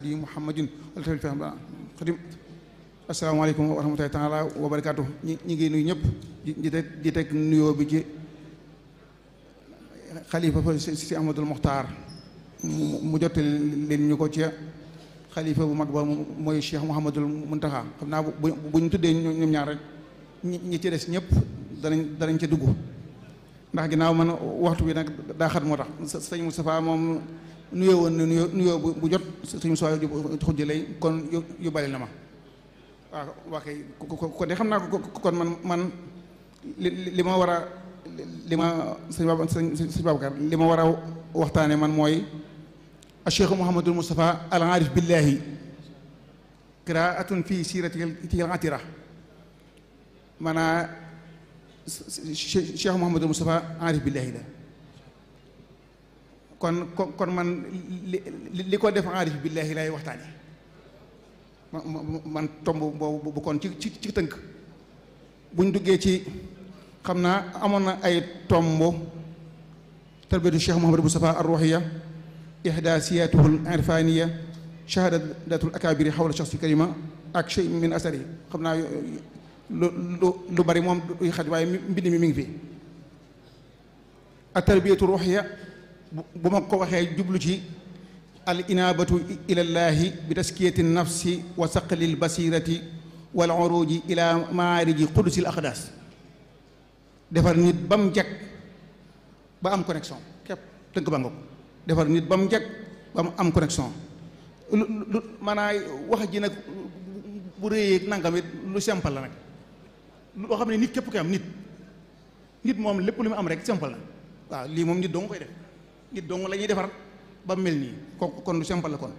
di muhammadin wala tamit fexem ba xadim asalaamaaleykum wa rahmatulahi taala wa barakaatu ñi ñi ngi nuyu ñëpp di teg di bi ci xalifa fa si ahmadul mu jot leen ñu ko ci xalifa bu mag ba mooy cheikh muhammadul muntaxa xam naa bu bu ñu tuddee ñoom ñaar rek ñi ci des ñëpp danañ danañ ca dugg ndax man waxtu bi daa xat moo tax sëñ Moustapha moom nuyoo woon na nuyoo nuyoo bu jot suñu soo xujj lay kon yu bari na ma waaw waa kay kon de xam naa ko kon man man li ma war a li ma sëñ Baba sëñ Babacar li ma war a waxtaane man mooy a cheikh Mouhamadul Moustapha al aarif billaahi qiraatun fi siiratihi al atira maanaa cheikh Mouhamadul Moustapha aarif billaahi la kon kon man li li ko def aarif billaahi lay waxtaane man tomb boobu bu kon ci ci ci tënk buñ duggee ci xam naa amoon na ay tomb tarbiyatu cheikh Mouhamadou Moustapha ar-ruuhiya ihdaasiyaatuhu al-irfaaniya shahaadatul akaabiri xawla shaxsi karima ak shay min asari xam naa lu lu lu bari moom duy xaj waaye mbind mi mi ngi fi at tarbiyatu ruuhiya bu ma ko waxee jublu ci al inaabatu ilallaahi bi taskiyati nafsi wa saqlil basirati wal uruji ila maariji qudusil aqdas defar nit ba mu ba am connexion ko defar nit ba mu njëkk ba am connexion lu lu maanaa wax ji nag bu réyee nangam it lu simple la nag loo xam ne nit képp koy am nit nit moom lépp lu mu am rek simple la waaw lii moom nit doo nga koy def nit dong lañuy defar ba mel nii kooku kon lu simple kon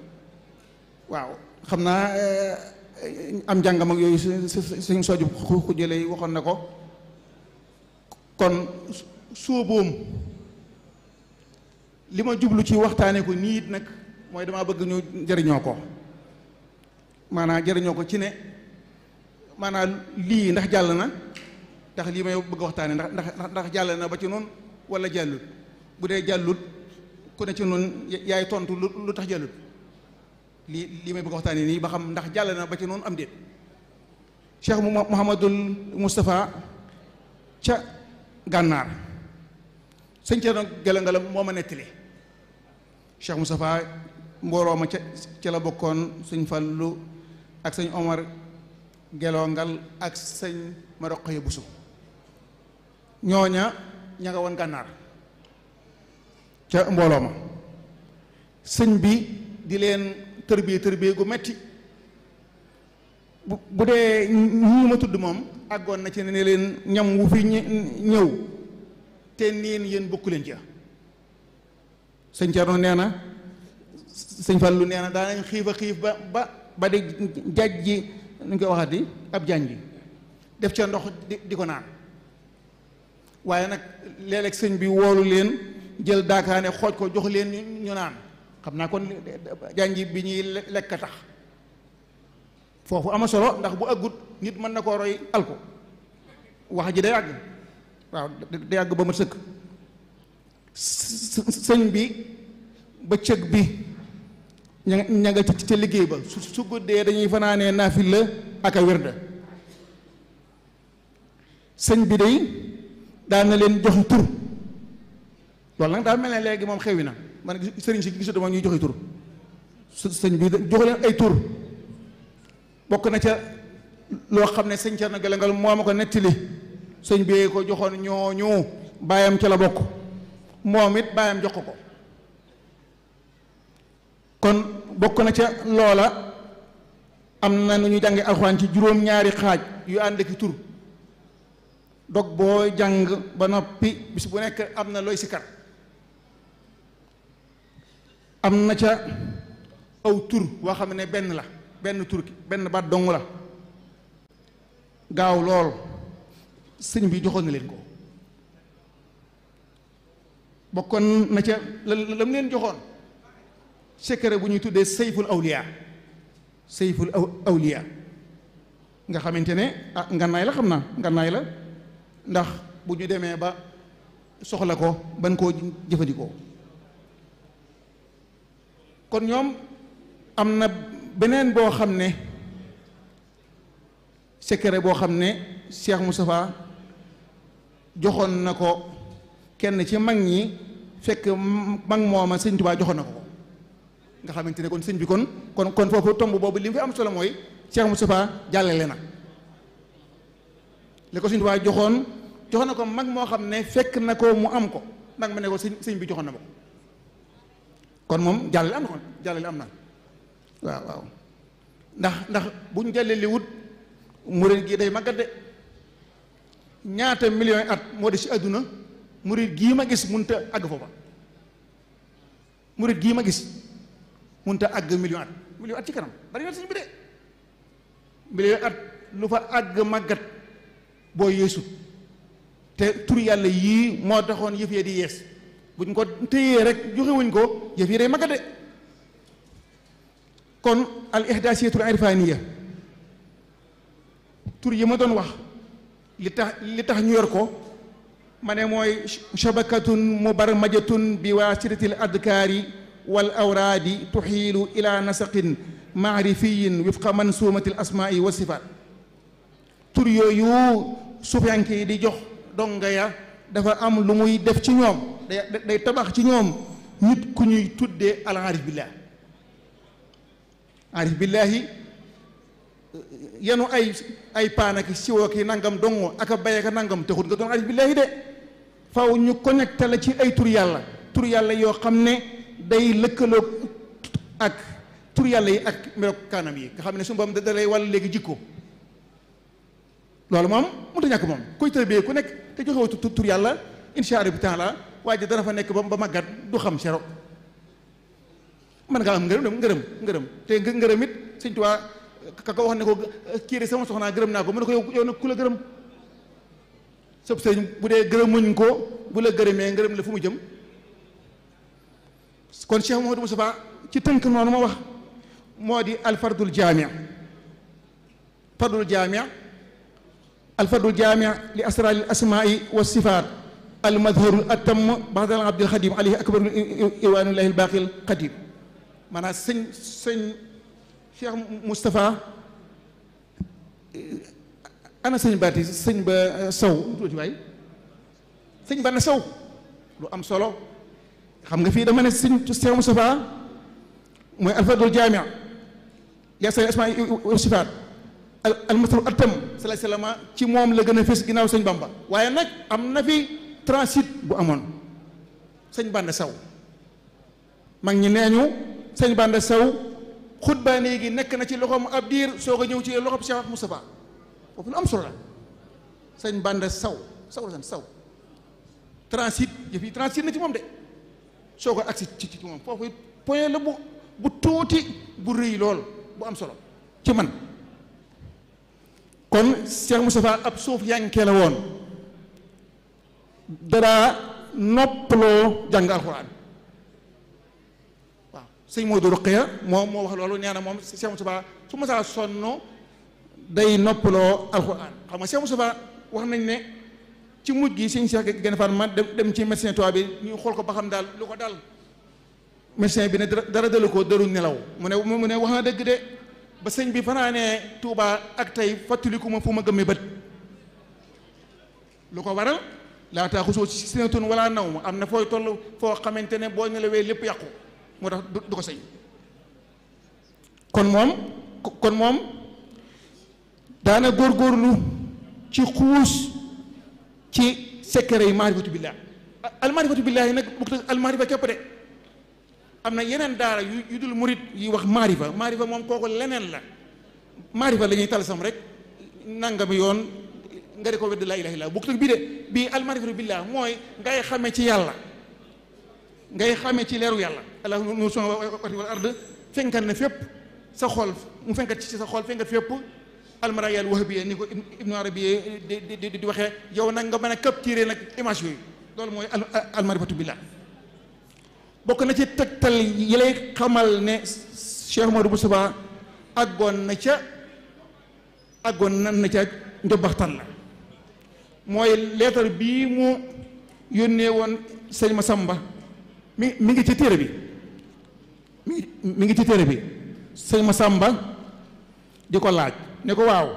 waaw xam naa eh, am njàngam ak yooyu suñ sooju ku jëlee waxoon na ko kon sóoboom li ma jublu ci waxtaane ko nii it nag mooy damaa bëgg ñu jariñoo ko maanaa jariñoo ko ci ne maanaam lii ndax jàll na ndax lii may bëgg waxtaane ndax ndax ndax jàll na ba ci noonu walla jàllut bu dee jàllut ku ne ci noonu yaay tontu lu tax jàllut lii lii may bëgg waxtaanee nii ba xam ndax jàll na ba ci noonu am déet Cheikh Mouhamadul mustafa ca gànnaar sëñ ca nag galangalam moo ma nettali Cheikh Moustapha mbooloo ma ca ca la bokkoon sëñ Fallu ak sëñ Omar gelongal ak sëñ Maroqo Busu ñooña ña nga woon gànnaar ca mbooloo ma sëñ bi di leen tërbie tërbie gu metti bu bu dee ñi ma tudd moom àggoon na ci ne leen ñam wu fi ñëw te neen yéen bokku leen ci sëñ Thierno nee na sëñ lu nee na daanañ xiif a xiif ba ba ba di jaaj ji nu ñu koy waxati ab jaañ bi def ca ndox di ko naan waaye nag léeg sëñ bi woolu leen jël daakaane xooj ko jox leen ñu naan xam naa kon jànji bi ñuy lekk tax foofu ama solo ndax bu ëggut nit mën na koo roy al wax ji day àgg waaw day àgg ba ma sëkk sëñ bi ba cëg bi ña ña nga ca liggéey ba su su guddee dañuy fanaanee naafil la ak a sëñ bi day daan na leen jox tur lool nag daa mel na léegi moom xewi na man sëriñ si gisatu moom ñuy joxe tur sëñ bi jox ay tur bokk na ca loo xam ne sëñ Cerno Galangal moo ma ko nettali sëñ bi ko joxoon ñooñu baayam ca la bokk moom it baayam jox ko ko kon bokk na ca loola am na nu ñu jànge alxuraan ci juróom-ñaari xaaj yu ànd ki tur dog boo jàng ba noppi bis bu nekk am na looy sikar am na ca aw tur woo xam ne benn la benn tur benn baat dong la gaaw lool sëñ bi joxoon na leen ko bokkoon na ca la la mu leen joxoon secret bu ñuy tuddee sayful awliya sayful awliya nga xamante ne ah ngannaay la xam naa ngannaay la ndax bu ñu demee ba soxla ko ban koo jëfandikoo kon ñoom am na beneen boo xam ne secret boo xam ne mu safaa joxoon na ko kenn ci mag ñi fekk mag mooma sëñ Tuubaa joxoon na ko nga xamante ne kon sëñ bi kon kon kon foofu tomb boobu li mu fi am solo mooy Cheikh Moustapha jàllale na li ko sëñ Tuubaa joxoon joxoon na ko mag moo xam ne fekk na ko mu am ko ndax ma ne ko sëñ sëñ bi joxoon na ma ko kon moom jàllale am na kon am na waaw waaw ndax ndax bu ñu jàllale wut murit gi day màggat de ñaata million at moo des ci àdduna murit gii ma gis mënut a àgg foofa murit gii ma gis mënut a àgg million at million at ci kanam bari na suñu bi de million at lu fa àgg màggat boo yeesut te tur yàlla yii moo taxoon yëf yee di yees buñ ko téyee rek joxewuñ ko yëf yi day de kon al ihdaasiyatul irfaaniya tur yi ma doon wax li tax li tax ñu yor ko ma ne mooy shabakatun mubarmajatun bi waasitatil adkaari wal awraadi tuxiilu ila nasaqin maarifiyin wifqa mansuumatil asmaai wa sifaat tur yooyu sufiyanke yi di jox donga ya dafa am lu muy def ci ñoom day day tabax ci ñoom nit ku ñuy tuddee al arif billaahi arif billaahi yanu ay ay paanaki siwooki nangam dongo aka bayaka nangam taxut nga doon arif billaahi de faw ñu connecté la ci ay tur yàlla tur yàlla yoo xam ne day lëkkaloo ak tur yàlla yi ak melokaanam yi nga xam ne su mboom da lay wàll léegi jikko loolu moom mënut a ñàkk moom kuy tëbee ku nekk te joxewoo tur yàlla insha allah taala waa ji dana fa nekk ba ba màggat du xam sero man ngaa am ngërëm dem ngërëm ngërëm te ngërëm it sëñ ka ko wax ne ko kii sama soxnaa gërëm naa ko mu ne ko yow yow ku la gërëm sëb sëñ bu dee gërëmuñ ko bu la gërëmee ngërëm la fu mu jëm kon Cheikh Mouhamadou Moustapha ci tënk noonu ma wax moo di alfardul jaami fardul jaami alfardul jaami li asraaril asmaa'i wa sifaat almadharu atam baxdal abdul xadim alayhi akbaru iwaanullahi albaqil xadim maanaam sëñ sëñ Cheikh Moustapha ana sëñ baati sëñ ba saw sëñ ba na saw lu am solo xam nga fii dama ne sëñ Cheikh Moustapha mooy alfadul jaamia yaa sëñ asmaa wa sifaat al almathru atam salaay salaama ci moom la gën a fës ginaaw sëñ Bamba waaye nag am na fi transit bu amoon sëñ Banda Saw mag ñi nee ñu sëñ Banda Saw xutbaa léegi nekk na ci loxom ab diir soog a ñëw ci loxoom Cheikh Moustapha foofu lu am solo la sëñ Banda Saw saw la sant saw transit yëf yi transit na ci moom de soog a agsi ci ci moom foofu point la bu bu tuuti bu rëy lool bu am solo ci man kon Cheikh Moustapha ab suuf yànkee la woon dara noppaloo jàng alxuraan waaw sëñ Modou Rokhaya moo moo wax loolu nee na moom Cheikh Moustapha su ma saa sonn day noppaloo alxuraan xam nga Cheikh Moustapha wax nañ ne ci mujj gi sëñ Cheikh Gaïndé Fatma dem dem ci médecin tubaab bi ñu xool ko ba xam daal lu ko daal médecin bi ne dara dalu ko daru nelaw mu ne mu ne wax na dëgg de ba sëñ bi fanaanee Touba ak tey fàttaliku ma fu ma gëmmi bët lu ko waral laataa xusoo ci sinatun wala naw ma am na fooy toll foo xamante ne boo nelawee lépp yàqu moo tax du ko sañ kon moom kon moom daana góor góorlu ci xuus ci secret yi maarifatu billaa almaarifatu billaa yi nag bokk almaarifa képp de am na yeneen daara yu yu dul murit yi wax maarifa maarifa moom kooku leneen la maarifa lañuy ñuy tal sam rek nangami yoon nga di ko wedd laa ilaha illa bokkut ak bii de bii almarifatu billah mooy ngay xamee ci yàlla ngay xamee ci leeru yàlla allahu nuuru samaawaati wal ard fenkat na fépp sa xol mu fenkat ci sa xol fenkat fépp almarayal wahabiya ni ko ibnu arabiye di di waxee yow nag nga mën a capturer nag image loolu mooy almarifatu billah bokk na ci tegtal yi lay xamal ne Cheikh Modou Moustapha àggoon na ca àggoon nan na ca njobbaxtan la mooy leetar bii mu yónnee woon sëñ Masamba mi mi ngi ci téere bi mi mi ngi ci téere bi sëñ Masamba di ko laaj ne ko waaw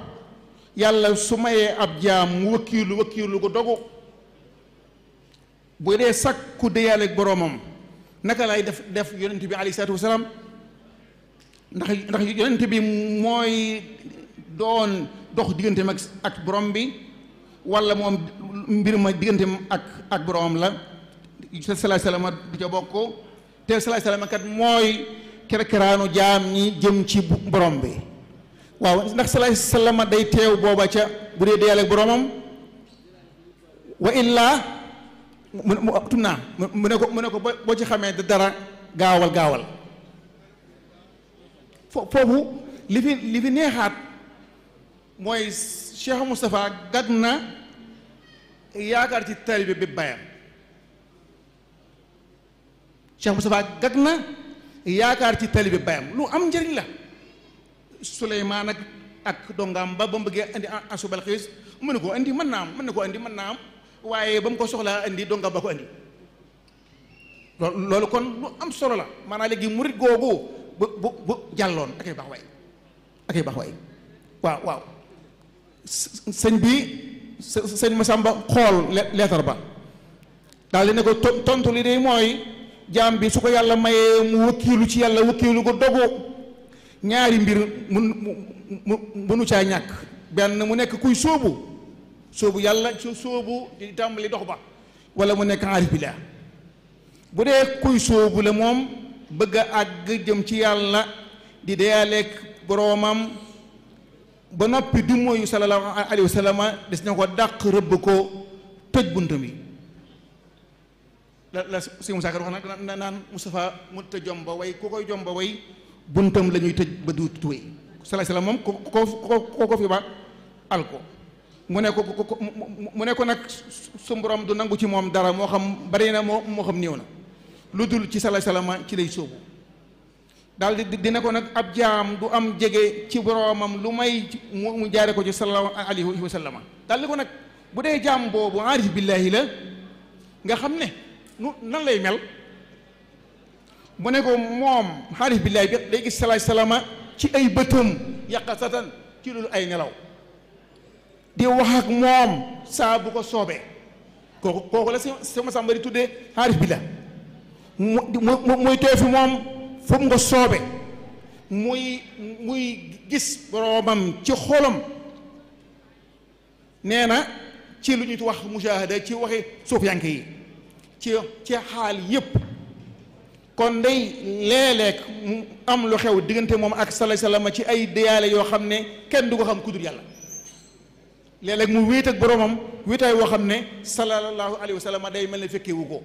yàlla su mayee ab jaam mu wëkkiilu wëkkiilu ko dogu bu dee sàkku déyaale ak naka lay def def yonent bi alayhi salaatu wasalaam ndax ndax yonent bi mooy doon dox diggante ak ak borom bi wala moom mbir ma diggante ak ak la salaay salaam du ca bokk te salaay salaam kat mooy kerkeraanu jaam ñi jëm ci borom bi waaw ndax salaay salaam day teew booba ca bu dee deyal ak wa illaa mu mu ne ko mu ne ko boo ci xamee dara gaawal gaawal foofu li fi li fi neexaat mooy Cheikh Moustapha gag na yaakaar ci taalibe bi bayam Cheikh Moustapha yaakaar ci taalibe bi bayam lu am njëriñ la Suleymaan ak ak dongaam ba ba mu bëggee andi Ansu Balxiis mën na koo andi mën naa am mën na koo andi mën naa am waaye ba mu ko soxlaa indi dongaam ba ko andi loolu kon lu am solo la maanaam léegi murit googu bu bu bu jàlloon akay baax waay akay baax waay waaw sëñ bi sëñ Masamba xool leetar ba daal di ne ko tontu li de mooy jaam bi su ko yàlla mayee mu wakkiilu ci yàlla wakkiilu ko dogu ñaari mbir mun mu munu caa ñàkk benn mu nekk kuy sóobu sóobu yàlla ci sóobu di tàmbali dox ba wala mu nekk aarif moom bëgg a àgg jëm ci yàlla di deyaaleeg boroomam ba noppi du mooyu sallallahu alayhi wa sallam des na ko dàq rëbb ko tëj buntu bi la la si Moussa Ka wax nag naan Moustapha mënut a jomba way ku koy jomba way buntam la ñuy tëj ba du tuwe sallallahu alayhi wa sallam moom ko ko fi ba al mu ne ko mu ne ko nag su du nangu ci moom dara moo xam bari na moo moo xam néew na lu dul ci sallallahu alayhi ci lay sóobu daal di dina ko nag ab jaam du am jege ci boroomam lu may mu jaare ko ci sallallahu alayhi wa sallam daal di ko nag bu dee jaam boobu aarif billaahi la nga xam ne nu nan lay mel mu ne ko moom aarif billaahi bi day gis salaay salaama ci ay bëtam yaqasatan ci loolu ay nelaw di wax ak moom saa bu ko soobee kooku kooku la sama sàmbari tuddee aarif bi la mu mooy tooy fi moom fu mu nga soobe muy muy gis boroomam ci xolam nee na ci lu ñuy wax mujaahada ci waxi suufiyanke yi ci ci xaal yépp kon day léeg-léeg mu am lu xew diggante moom ak sallallahu alayhi wasallam ci ay deyaale yoo xam ne kenn du ko xam kudur yàlla léeg mu wéet ak boroomam wéetaay woo xam ne sallallahu alayhi wasallam day mel ne fekkewu ko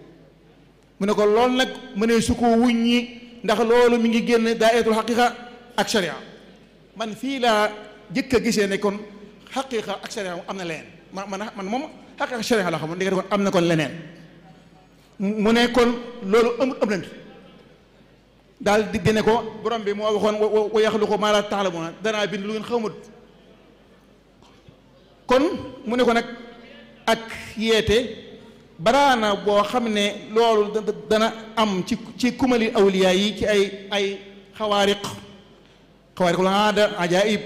mu ne ko loolu nag mu ne su ko wuññi ndax loolu mi ngi génn daairatul xaqiqa ak sharia man fii laa jëkk a gisee ne kon xaqiqa ak sharia am na leneen man man man moom xaqiqa ak sharia laa xamoon léegi kon am na kon leneen mu ne kon loolu am am nañ daal di dine ko borom bi moo waxoon wa yaxluqu maa laa ta'lamuuna danaa bind lu ngeen xamut kon mu ne ko nag ak yeete baraana boo xam ne loolu dana am ci ci kumali awliyaa yi ci ay ay xawaariq xawaariqul aada ajaib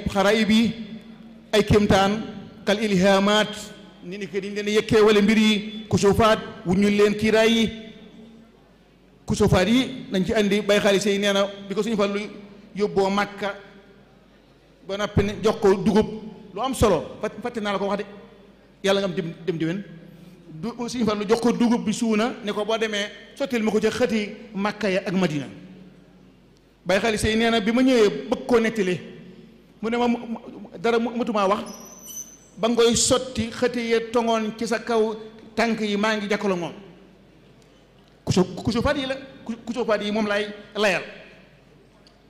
ay kémtaan kal ni ni ko dañ leen mbir yi kusufaat wu ñu leen kiiraay yi yi dañ ci andi bay nee na bi ko suñu fa lu yóbboo màkka jox ko dugub lu am solo fàtte naa la ko wax yàlla nga am dem dem diwén du suñu fan lu jox ko dugub bi suuna ne ko boo demee sottil ma ko ca xëti màkka ya ak madina bay xaalis yi nee na bi ma ñëwee bëgg koo nettali mu ne ma dara mëtumaa wax ba ngoy sotti xëti ya tongoon ci sa kaw tànk yi maa ngi jàkkaloo moom kusu kusufaat yi la kusufaat yi moom lay layal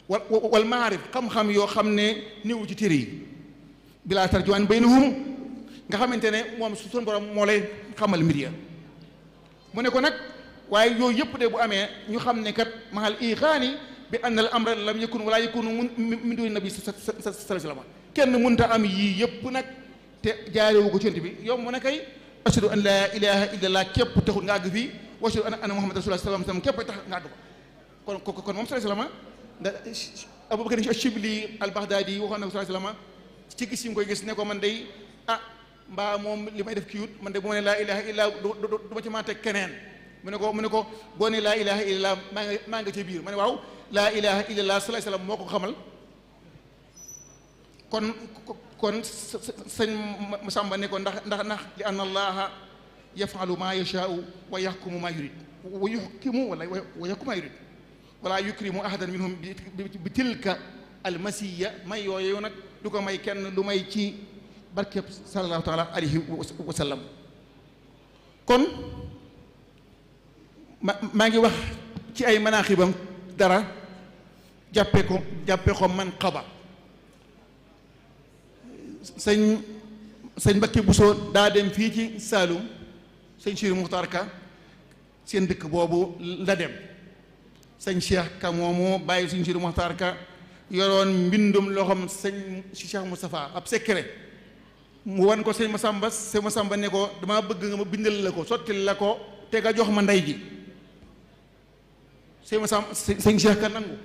wal wal maarif xam-xam yoo xam ne néewu ci téere yi bilaa tarjuwaan baynahum nga xamante ne moom su suñu xamal mbir mu ne ko nag waaye yooyu yëpp de bu amee ñu xam ne kat mahal ixaani bi ann al amra lam yakun wala yakunu mun min duni nabi sallallahu alayhi wasallam bi yow mu ne kay ashadu an laa ilaha illallah képp taxul nga àgg fii wa an muhammad rasulullah sallallahu alayhi képp tax nga àgg ko kon kon moom sallallahu alayhi wasallam abubakar ashibli al baghdadi waxoon na ko sallallahu alayhi wasallam ci koy gis ne ko man day ah mbaa moom li may def kiiwut man de bu ma ne ma ci maa teg keneen mu ne ko mu ne ne laa ilaha illa maa nga maa ma ne waaw laa ilaha illallah moo ko xamal kon kon sëñ ne ko ndax ndax ndax li anna allaha yafalu ma yashaau wa yaxkumu ma yurid wa yuxkimu ahadan minhum bi tilka almasiya may yooyu nag du ko may kenn lu may ci barkeb sallallahu taala alayhi wa sallam kon ma maa ngi wax ci ay manaaxibam dara jàppe ko jàppe ko man xaba sëñ sëñ Mbakke Buso daa dem fii ci Saalum sëñ Siiru Muxtaar Ka seen dëkk boobu la dem sëñ Cheikh Ka moomu bàyyi sëñ Siiru Muxtaar Ka yoroon mbindum loxoom sëñ Cheikh Moustapha ab secret mu wan ko sëñ Masamba sëñ Masamba ne ko damaa bëgg nga ma bindal la ko sottil la ko te nga jox ma ndey ji sëñ Masamba sëñ Cheikh Ka nangu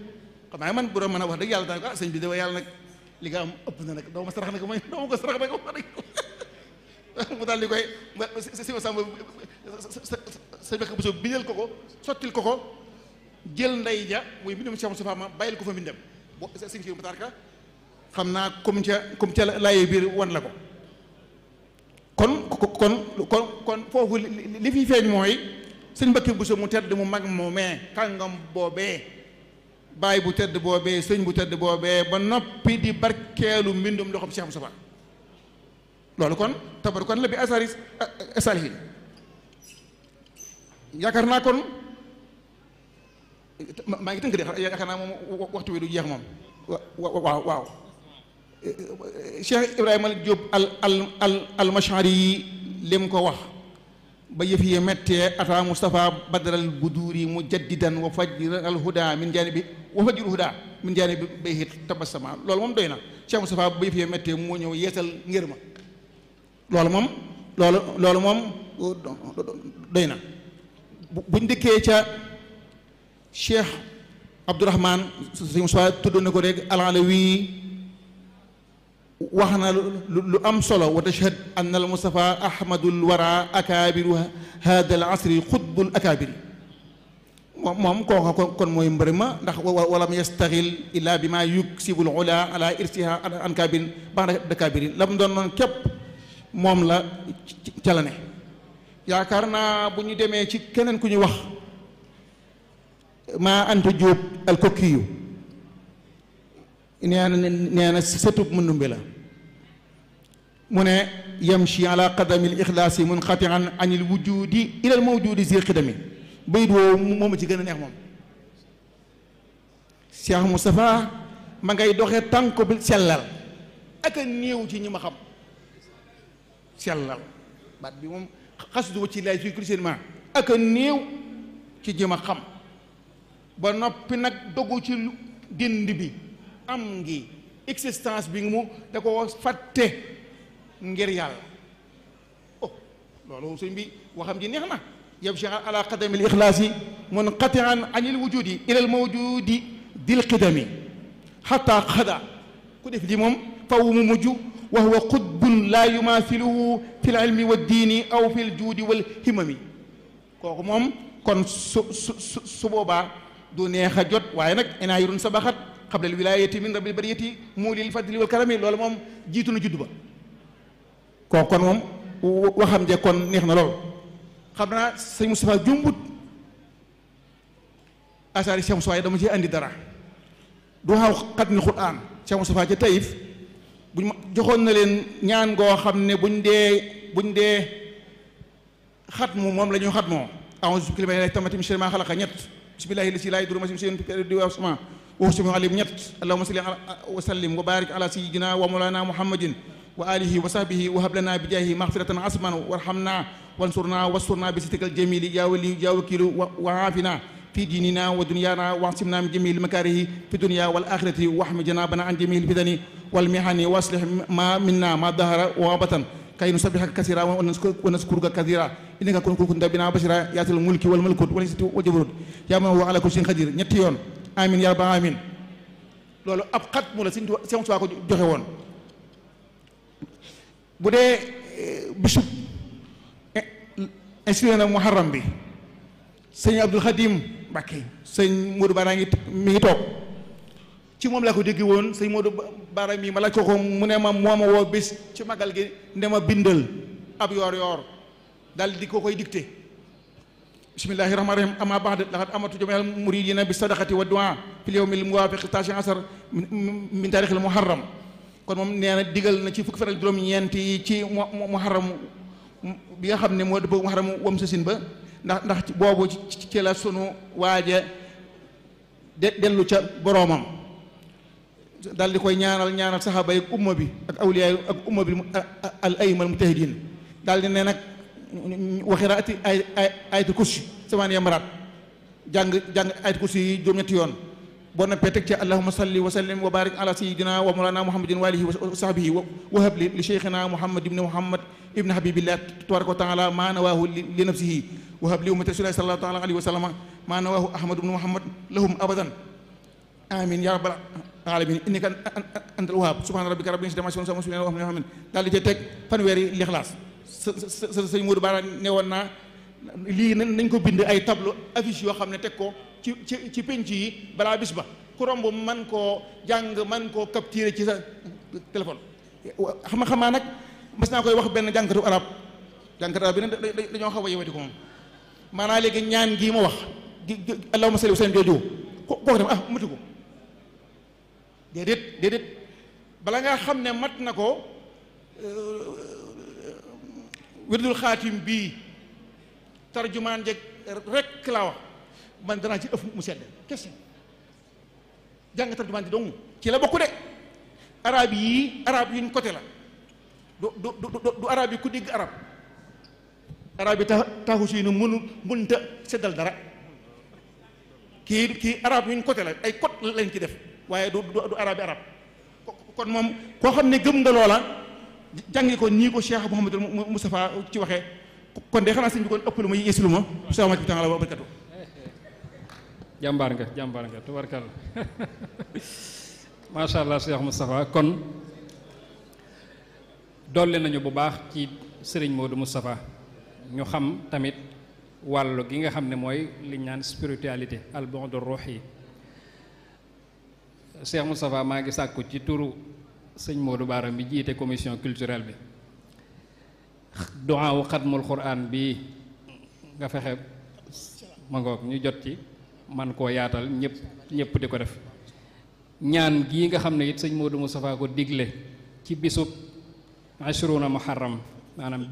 xam man bu mën a wax dëgg yàlla ko ah sëñ bi dafa yàlla li nga am ëpp na nag doo ma sarax nag mooy doo ma ko sarax nag bindal ko ko sottil ko ko jël ndey ja muy bindum Cheikh Moustapha ma bàyyil ko fa mbindam bo sëñ Cheikh xam naa comme ca comme ca laay biir wan la ko kon kon kon kon foofu li fi feeñ mooy sëñ Mbàkke Buso mu tedd mu mag moomee kàngam boobee baay bu tedd boobee sëñ bu tedd boobee ba noppi di barkeelu mbindum loxoom Cheikh Moustapha loolu kon tabaru kon la bi asaris eh, salihin yaakaar naa kon maa ngi tënk de yaakaar naa moom waxtu wi du jeex moom waaw waaw Cheikh Ibrahima Diop al al al al machari yi ko wax ba yëf yi mettee ata Moustapha badral buduri mujaddidan wa fajr al huda min janibi wa fajr huda min janibi bayhi tabassama loolu moom doy na Cheikh Moustapha ba yëf yi mettee moo ñëw yeesal ngir loolu moom loolu moom doy na buñ dëkkee ca Cheikh Abdourahman su Moustapha tudd ko rek alalawi wax na lu am solo wa tashhad an al Mustafa ahmadul wara akaabiru hada al asri moom moom kooka kon mooy mbër ma ndax walam yastaxil illaa bi maa yuksibul irsiha an kabirin ba'da dakabirin la mu doon noonu képp moom la ca yaakaar naa bu ñu demee ci keneen ku ñu wax maa anta jóob al nee na nee na sëtub mëndumbi la mu ne yamshi ala qadami l ixlaasi munqatian an il wujudi ila al mawjudi zi qidami bayit woowu moom a ci gën a neex moom Cheikh Moustapha ma ngay doxe tànk bi sellal ak a néew ci ñi ma xam sellal baat bi ba noppi nag dogu ci dind bi am ngi existence bi mu da ko fàtte ngir yàlla oh loolu sëñ bi waxam ji neex na yabsha ala qadamil ixlaasi munqatian anil wujudi ilal mawjudi dil qidami xata xada ku def li moom faw mu mujj wa huwa qutbun laa yumaasiluhu fi l ilmi waddiini aw fi l juudi wal himami kooku moom kon su du neex a jot waaye nag inaayirun sabaxat xam xablal wilayati min rabbil bariyati muulil fadli wal karami loolu moom jiitu na judd ba kon moom waxam je kon neex na lool xam naa sëñ Moustapha jumbut asaari Cheikh Moustapha yi dama ci andi dara du xaw xat ni xuraan Cheikh Moustapha ca Taïf buñ ma joxoon na leen ñaan goo xam ne buñ dee buñ dee xat mu moom la ñuy xat moo aouzu billaahi mina shaytaani rajiim maa xalaqa ñett bismillaahi la si laay duru ma si seen di wasma wasum alim ñett allahuma salli wa sallim wa barik ala sayidina wa mawlana muhammadin wa alihi wa sahbihi wa hablana bi jaahi maxfiratan asman warhamna wansurna wasturna bi sitikal jamili yaa wali yaa wakilu wa aafina fi diinina wa dunyaana waxsimna min jamil makarihi fi dunia wal axirati waxmi janabana an jamil fitani wal mihani wa aslih ma minna ma dahara wa batan kay nu sabihaka kasira wa naskuruka kasira innaka kunta bina basira yaatal mulki wal malakut wal izzati wal jabarut yaa man huwa ala kulli shay'in qadir ñetti yoon amin yaa rabbal amin loolu ab xat mu la Sëriñ Tuubaa ko joxe woon bu dee eh, bisub eh, insiné na muharram bi sëñ Abdul Xadim Mbàkke sëñ Modou Bara ngi mi ngi toog ci moom laa ko dégg woon sëñ Modou Bara mi ma laaj ko ko mu ne ma moo ma woo bés ci magal gi ne ma bindal ab yoor yoor daal di ko koy dicté bismillahi rahmani rahim ama baad laxat amatu jamal muridina bi sadaqati wa du'a fil mu muwafiq taasi asar min taarixil muharram kon moom nee digal na ci fukki fan ak juróom ñeent yi ci muharram bi nga xam ne moo dëppoo muharram wam sasin ba ndax ndax boobu ci la sunu waaje dellu ca boroomam dal di koy ñaanal ñaanal saxaaba yi ak umma bi ak awliya ak umma bi al aymal mutahidin daal di ne nag wa xiraati ay ay ayatul kursi samaaniya maraat jàng jàng ayatul kursi yi juróom-ñetti yoon boo noppee teg ci allahuma salli wa sallim wa barik ala sayidina wa mawlana muhammadin wa alihi wa sahbihi wa hab li cheikhina muhammad ibni muhammad ibni habibillah tabaraka wa taala maa nawaahu li nafsihi wa hab li ummati rasulillahi sallallahu taala alayhi wa sallama maa nawaahu ahmad ibni muhammad lahum abadan amin ya rabbal alamin innaka antal wahhab subhana rabbika rabbil izzati amma yasifun salamun ala al mursalin daal di teg fanweeri lixlaas sa sa sëñ Modou Bara ne woon naa lii nañ ko bind ay tableau affiche yoo xam ne teg ko ci ci ci penc yi balaa bis ba ku romb man koo jàng man koo capturer ci sa téléphone xam xamaa nag mas naa koy wax benn jànkatu arab jànkatu arab bi nag dañoo xaw a yewati ko moom maanaam léegi ñaan gii ma wax allahumma salli wa sallam jooju kooku dem ah matu ko déedéet déedéet bala nga xam ne mat na ko euh, wirdul xaatim bii tarjumaan jeg rek laa wax man danaa ci ëf mu sedd kese jàng tarjumaan di dong ci la bokku de arab yii arab yuñ côté la du du du yi ku dégg arab arab yi tax taxu si nu mënu mënta seddal dara kii kii arab yuñ côté la ay côté lañ ci def waaye du du arab yi kon moom koo xam ne gëm nga loola jànge ko nii ko Cheikh Mouhamadul Moustapha ci waxee kon de xanaa sëñ bi kon ëpp lu ma yeesu lu ma salaamaaleykum taala wa barkatu jàmbaar nga jàmbaar nga tubarkalla macha allah Cheikh Moustapha kon dolli nañu bu baax ci sëriñ Modou Moustapha ñu xam tamit wàllu gi nga xam ne mooy liñ naan spiritualité al bon de ruux yi Cheikh Moustapha maa ngi sàkku ci turu sëñ moo du Baara bi jiite commission culturelle bi duwaawu xatmul xuraan bi nga fexe ma ngoog ñu jot ci man koo yaatal ñëpp ñëpp di ko def ñaan gii nga xam ne it sëñ Modou Moustapha ko digle ci bisub ashruna muharram maanaam